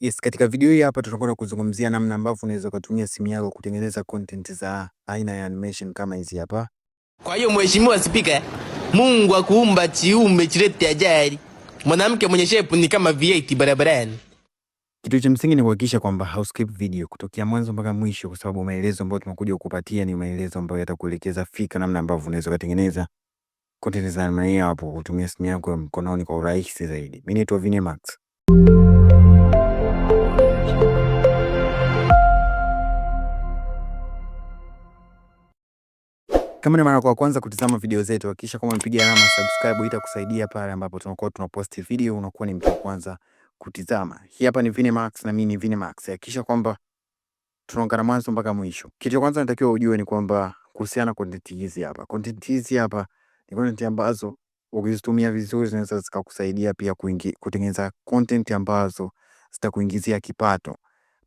Yes, katika video hii hapa tutakwenda kuzungumzia namna ambavyo unaweza kutumia simu yako kutengeneza content za aina ya animation kama hizi hapa. Kwa hiyo Mheshimiwa Spika, Mungu akuumba chiume chilete ajali, mwanamke mwenye shape ni kama V8 barabarani. Kitu cha msingi ni kuhakikisha kwamba hauskip video kutokea mwanzo mpaka mwisho, kwa sababu maelezo ambayo tumekuja kukupatia ni maelezo ambayo yatakuelekeza fika namna ambavyo unaweza kutengeneza content za aina hapo kutumia simu yako mkononi kwa urahisi zaidi. Mimi naitwa Vinemax. Kama ni mara kwa kwanza kutizama video zetu, hakikisha kama umepiga alama subscribe, itakusaidia pale ambapo tunakuwa tunapost video, unakuwa ni mtu wa kwanza kutizama. Hii hapa ni Vinemax na mimi ni Vinemax. Hakikisha kwamba tunaongana mwanzo mpaka mwisho. Kitu cha kwanza natakiwa ujue ni kwamba kuhusiana na content hizi hapa. Content hizi hapa ni content ambazo ukizitumia vizuri zinaweza zikakusaidia pia kuingi, kutengeneza content ambazo zitakuingizia kipato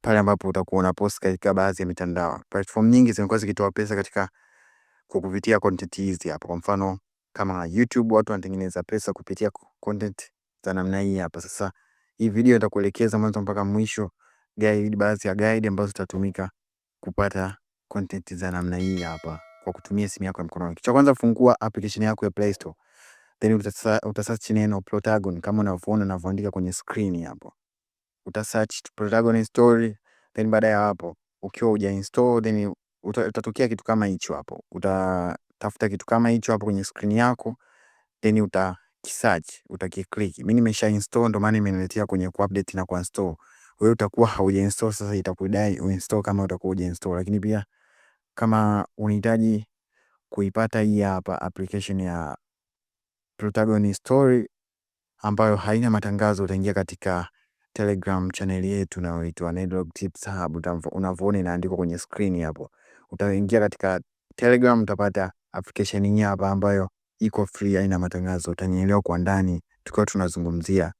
pale ambapo utakuwa una post katika baadhi ya mitandao. Platform nyingi zimekuwa zikitoa pesa katika kwa kupitia content hizi hapa. Kwa mfano kama YouTube, watu wanatengeneza pesa kupitia content za namna hii hapa. Sasa hii video itakuelekeza mwanzo mpaka mwisho guide, baadhi ya guide ambazo zitatumika kupata content za namna hii hapa kwa kutumia simu yako ya mkononi. Cha kwanza, fungua application yako ya Play Store, then utasearch neno Protagon kama unavyoona ninavyoandika kwenye screen hapo. Utasearch Protagon story, then baada ya hapo ukiwa uja install then uta, utatokea kitu kama hicho hapo. Utatafuta kitu kama hicho hapo kwenye skrini yako, then uta kisearch, utakiclick. Mimi nimesha install, ndo maana imeniletea kwenye kuupdate na kuinstall. Wewe utakuwa haujainstall, sasa itakudai uinstall kama utakuwa hujainstall. Lakini pia kama unahitaji kuipata hii hapa application ya Protagon Story ambayo haina matangazo, utaingia katika Telegram channel yetu inayoitwa Nedlog Tips Hub, unavyoona inaandikwa kwenye screen hapo utaingia katika Telegram, utapata application hii hapa ambayo iko free, haina matangazo. Utanielewa kwa ndani, tukiwa tunazungumzia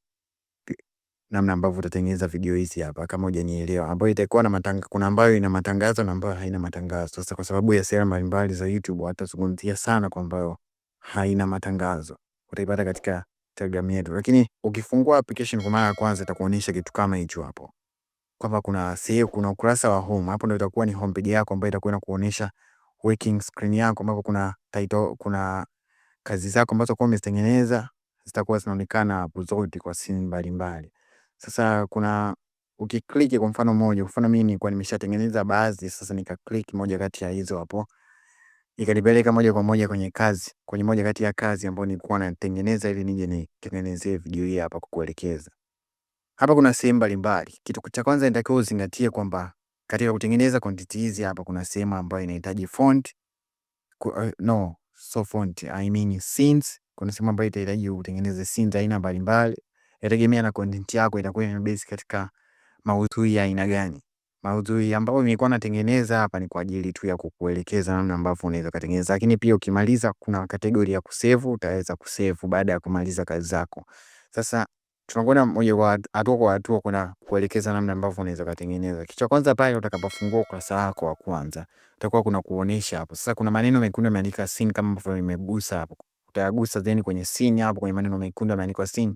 namna ambavyo utatengeneza video hizi hapa, kama hujanielewa, ambayo itakuwa na matanga, Kuna ambayo ina matangazo na ambayo haina matangazo. Sasa kwa sababu ya sera mbalimbali za YouTube, watazungumzia sana kwa ambayo haina matangazo, utaipata katika Telegram yetu. Lakini ukifungua application kwa mara ya kwanza, itakuonyesha kitu kama hicho hapo kwamba kuna sehemu, kuna ukurasa wa home. Hapo ndio itakuwa ni home page yako ambayo itakuwa inakuonyesha working screen yako ambapo kuna title, kuna kazi zako ambazo kwa umezitengeneza zitakuwa zinaonekana hapo zote kwa scene mbalimbali. Sasa kuna ukiklik kwa mfano moja, kwa mfano mimi nilikuwa nimeshatengeneza baadhi, sasa nikaklik moja kati ya hizo hapo ikanipeleka moja kwa moja kwenye kazi, kwenye moja kati ya kazi ambayo nilikuwa natengeneza ili nije nitengenezee video hii hapa kukuelekeza. Hapa kuna sehemu mbalimbali. Kitu cha kwanza inatakiwa uzingatie kwamba katika kutengeneza content hizi hapa kuna sehemu ambayo inahitaji font. Uh, no, so font, I mean scenes. Kuna sehemu ambayo itahitaji utengeneze scenes aina mbalimbali. Inategemea na content yako itakuwa imebase katika maudhui ya aina gani. Maudhui ambayo nilikuwa natengeneza hapa ni kwa ajili tu ya kukuelekeza namna ambavyo unaweza kutengeneza. Lakini pia ukimaliza kuna kategoria ya kusevu, utaweza kusevu baada ya kumaliza kazi zako. Sasa tunakwenda moja kwa hatua kwa hatua, kuna kuelekeza namna ambavyo unaweza kutengeneza. Kitu cha kwanza pale utakapofungua ukurasa wako wa kwanza, utakuwa kuna kuonesha hapo. Sasa kuna maneno mekundu yameandika sin, kama ambavyo nimegusa hapo, utayagusa then kwenye sin hapo, kwenye maneno mekundu yameandikwa sin.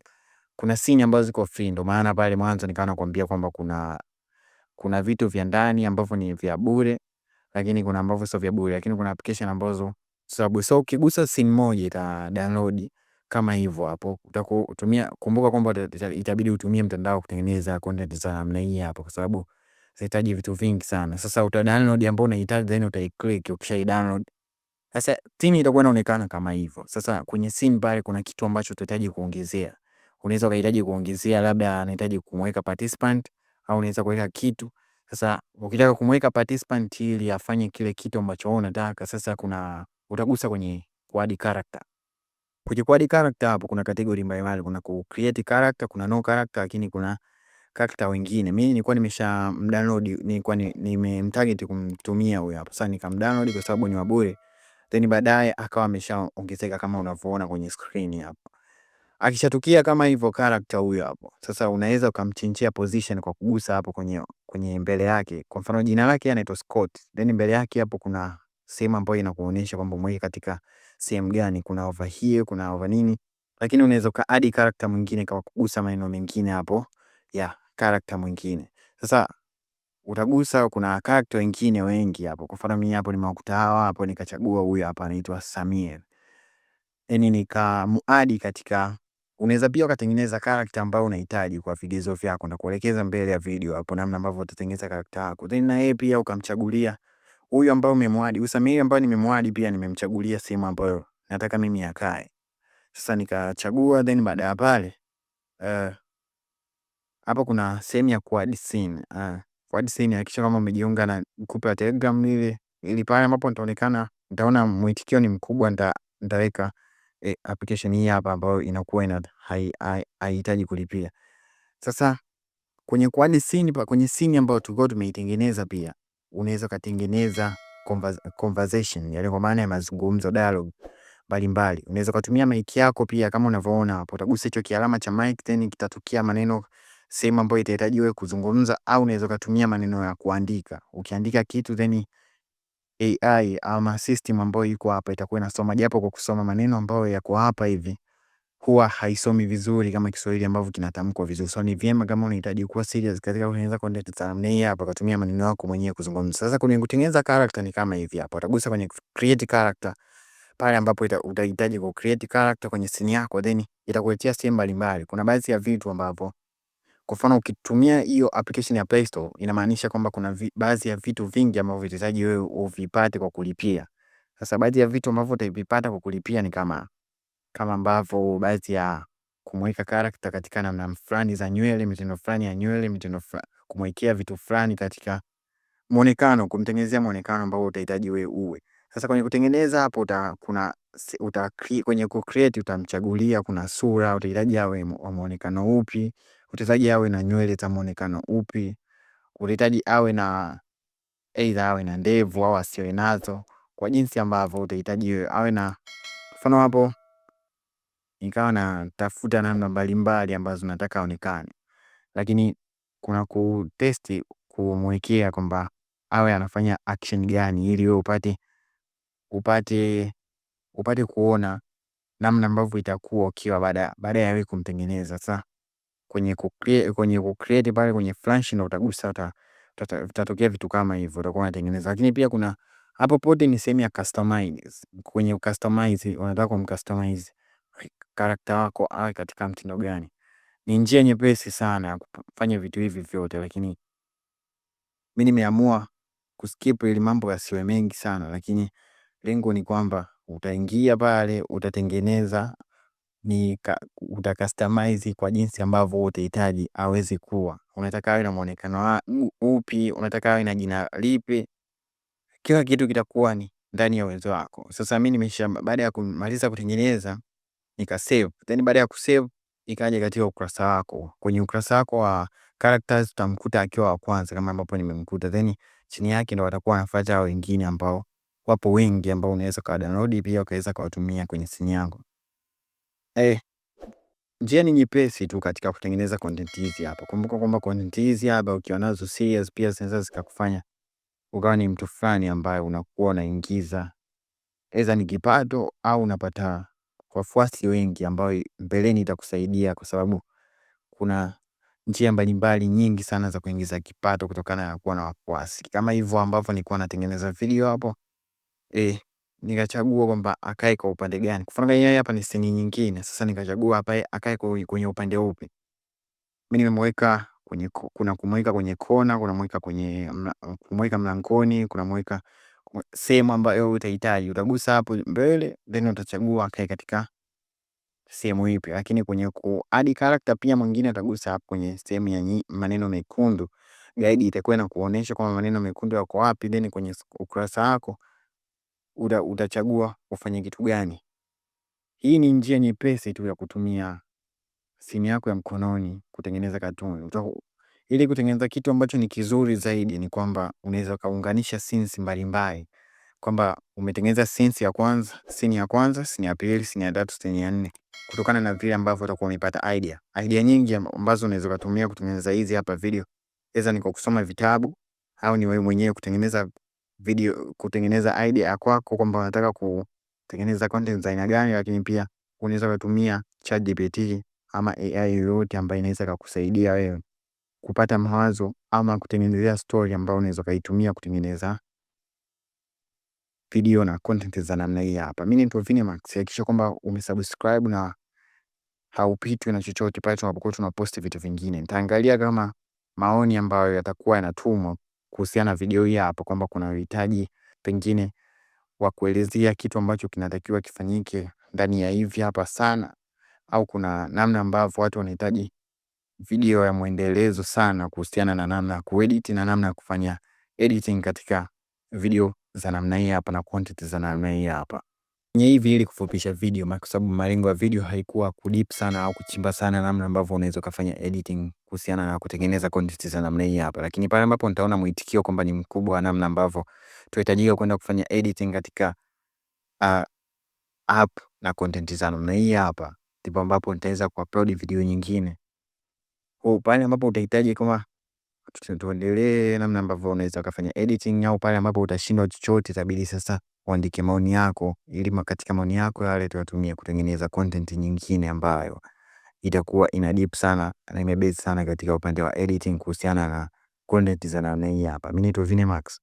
Kuna sin ambazo ziko free, ndo maana pale mwanzo nikawa nakwambia kwamba kuna kuna vitu vya ndani ambavyo ni vya bure, lakini kuna ambavyo sio vya bure, lakini kuna application ambazo sababu. So ukigusa sin moja ita download kama hivyo hapo. Utakutumia, kumbuka kwamba itabidi utumie mtandao kutengeneza content za namna hii hapo, kwa sababu zahitaji vitu vingi sana. Sasa uta download ambayo unahitaji then utaiclick, Ukisha download sasa tini itakuwa inaonekana kama hivyo. Sasa kwenye scene pale kuna kitu ambacho utahitaji kuongezea. Unaweza ukahitaji kuongezea labda anahitaji kumweka participant au unaweza kuweka kitu. Sasa ukitaka kumweka participant ili afanye kile kitu ambacho wewe unataka, sasa kuna utagusa kwenye kuadi character. Kujikwadi character hapo kuna category mbalimbali, kuna ku create character, kuna no character lakini kuna character wengine. Mimi nilikuwa nimesha mdownload, nilikuwa nimemtarget kumtumia huyo hapo. Sasa nikamdownload kwa sababu ni wa bure. Then baadaye akawa ameshaongezeka kama unavyoona kwenye screen hapo. Akishatukia kama hivyo character huyo hapo. Sasa unaweza ukamchinjia position kwa kugusa hapo kwenye kwenye mbele yake. Kwa mfano jina lake anaitwa Scott. Then mbele yake hapo kuna sehemu ambayo inakuonyesha kwamba umeweka katika sehemu gani, kuna ova hiyo, kuna ova nini, lakini unaweza ukaadi karakta mwingine kwa kugusa maneno mengine hapo ya karakta mwingine. Sasa utagusa, kuna karakta wengine wengi hapo. Kwa mfano mimi hapo nimewakuta hawa hapo, nikachagua huyu hapa anaitwa Samir, yani nikamuadi katika unaweza pia ukatengeneza karakta ambayo unahitaji kwa vigezo vyako na kuelekeza mbele ya video hapo namna ambavyo utatengeneza karakta yako. Then na yeye pia ukamchagulia huyu ambao umemwadi usamii ambao nimemwadi pia nimemchagulia sehemu ambayo nataka mimi akae. Sasa nikachagua, then baada ya pale eh, hapa uh, kuna sehemu ya scene uh, scene. Hakikisha kama umejiunga na grupu ya Telegram lile ili pale ambapo nitaonekana nitaona mwitikio ni mkubwa, nita nitaweka e, application hii hapa ambayo inakuwa ina haihitaji kulipia. Sasa kwenye kuadisin pa kwenye scene ambayo tulikuwa tumeitengeneza pia unaweza ukatengeneza conversation, yaani kwa maana ya mazungumzo dialogue mbalimbali. Unaweza kutumia mic yako pia kama unavyoona hapo, utagusa hicho kialama cha mic then kitatokea maneno sehemu ambayo itahitaji wewe kuzungumza, au unaweza kutumia maneno ya kuandika. Ukiandika kitu then AI ama system ambayo iko hapa itakuwa inasoma, japo kwa kusoma maneno ambayo yako hapa hivi huwa haisomi vizuri kama Kiswahili ambavyo kinatamkwa vizuri. So ni vyema kama unahitaji kuwa serious katika kutengeneza content za hii hapa, kutumia maneno yako mwenyewe kuzungumza. Sasa kwenye kutengeneza character ni kama hivi hapa, utagusa kwenye create character pale ambapo utahitaji ku create character kwenye scene yako, then itakuletea sehemu mbalimbali. Kuna baadhi ya vitu ambavyo kwa mfano ukitumia hiyo application ya Play Store inamaanisha kwamba kuna baadhi ya vitu vingi ambavyo vitahitaji wewe uvipate kwa kulipia. Sasa baadhi ya vitu ambavyo utavipata kwa kulipia ni kama kama ambavyo baadhi ya kumweka karakta katika namna fulani za nywele, mitindo fulani ya nywele, mitindo kumwekea vitu fulani katika muonekano, kumtengenezea muonekano ambao utahitaji wewe uwe. Sasa kwenye kutengeneza hapo uta, kuna uta, kwenye ku create utamchagulia, kuna sura utahitaji awe wa muonekano upi, utahitaji awe na nywele za muonekano upi, utahitaji awe na aidha awe na ndevu au asiwe nazo, kwa jinsi ambavyo utahitaji awe na mfano hapo nikawa natafuta namna mbalimbali ambazo nataka aonekane, lakini kuna kutesti kumwekea kwamba awe anafanya action gani, ili we upate upate upate kuona namna ambavyo itakuwa ukiwa baada baada ya wewe kumtengeneza. Sasa kwenye kucreate, kwenye kucreate pale kwenye Flash ndo utagusa, utatokea vitu kama hivyo utakuwa unatengeneza. Lakini pia kuna hapo pote ni sehemu ya customize. Kwenye customize, unataka kumcustomize karakta wako awe katika mtindo gani. Ni njia nyepesi sana ya kufanya vitu hivi vyote, lakini mi nimeamua kuskip ili mambo yasiwe mengi sana, lakini lengo ni kwamba utaingia pale, utatengeneza ni ka, kwa jinsi ambavyo utahitaji aweze kuwa. Unataka awe na mwonekano upi? Unataka awe na jina lipi? Kila kitu kitakuwa ni ndani ya uwezo wako. Sasa mi nimesha, baada ya kumaliza kutengeneza nikasave. Then baada ya kusave ikaja katika ukurasa wako. Kwenye ukurasa wako wa characters utamkuta akiwa wa kwanza kama ambapo nimemkuta, then chini yake ndo watakuwa wanafuata wengine ambao wapo wengi ambao unaweza kwa download pia ukaweza kuwatumia kwenye simu yako. Eh, njia ni nyepesi tu katika kutengeneza content hizi hapa. Kumbuka kwamba content hizi hapa ukiwa nazo serious pia zinaweza zikakufanya ukawa ni mtu fulani ambaye unakuwa unaingiza eza ni kipato au unapata wafuasi wengi ambao mbeleni itakusaidia kwa sababu kuna njia mbalimbali nyingi sana za kuingiza kipato kutokana na kuwa na wafuasi. Kama hivyo ambavyo nilikuwa natengeneza video hapo eh, nikachagua kwamba akae kwa upande gani. Kwa mfano hapa ni sini nyingine, sasa nikachagua hapa akae kwenye upande upi. Mimi nimemweka kwenye kuna kumweka kwenye kona, kuna mweka kwenye kumweka mlangoni, kuna mweka sehemu ambayo utahitaji, utagusa hapo mbele then utachagua kae katika sehemu ipi. Lakini kwenye kuadi character pia mwingine atagusa hapo kwenye sehemu ya maneno mekundu, guide itakuwa kuonesha kwamba maneno mekundu yako wapi, then kwenye ukurasa wako utachagua ufanye kitu gani. Hii ni njia nyepesi tu ya kutumia simu yako ya mkononi kutengeneza katuni ili kutengeneza kitu ambacho ni kizuri zaidi ni kwamba unaweza ukaunganisha scenes mbalimbali, kwamba umetengeneza scenes ya kwanza, scene ya kwanza, scene ya pili, scene ya tatu, scene ya nne, kutokana na vile ambavyo utakuwa umepata idea. Idea nyingi ambazo unaweza kutumia kutengeneza hizi hapa video, aidha ni kwa kusoma vitabu au ni wewe mwenyewe kutengeneza video, kutengeneza idea ya kwako kwamba unataka kutengeneza content za aina gani, lakini pia unaweza kutumia ChatGPT ama AI yoyote ambayo inaweza kukusaidia wewe kupata mawazo ama kutengenezea story ambayo unaweza kaitumia kutengeneza video na content za namna hii hapa. Mimi ni Vinemax, hakikisha kwamba umesubscribe na haupitwi na chochote pale tunapokuwa tunaposti vitu vingine. Nitaangalia kama maoni ambayo yatakuwa yanatumwa kuhusiana na video hii hapa kwamba kuna uhitaji pengine wa kuelezea kitu ambacho kinatakiwa kifanyike ndani ya hivi hapa sana, au kuna namna ambavyo watu wanahitaji video ya mwendelezo sana kuhusiana na namna ya kuedit na namna ya kufanya editing katika video za namna hii hapa na content za namna hii hapa. Nye hivi ili kufupisha video kwa sababu malengo ya video haikuwa kudip sana au kuchimba sana namna ambavyo unaweza kufanya editing kuhusiana na kutengeneza content za namna hii hapa. Lakini pale ambapo nitaona mwitikio kwamba ni mkubwa namna ambavyo tunahitajika kwenda kufanya editing katika uh, app na content za namna hii hapa ndipo ambapo nitaweza kuupload video nyingine kwa pale ambapo utahitaji kama tuendelee namna ambavyo unaweza ukafanya editing au pale ambapo utashindwa chochote, itabidi sasa uandike maoni yako, ili katika maoni yako yale tuyatumie kutengeneza content nyingine ambayo itakuwa ina deep sana na imebase sana katika upande wa editing kuhusiana na content za namna hii hapa. Mi naitwa Vinemax.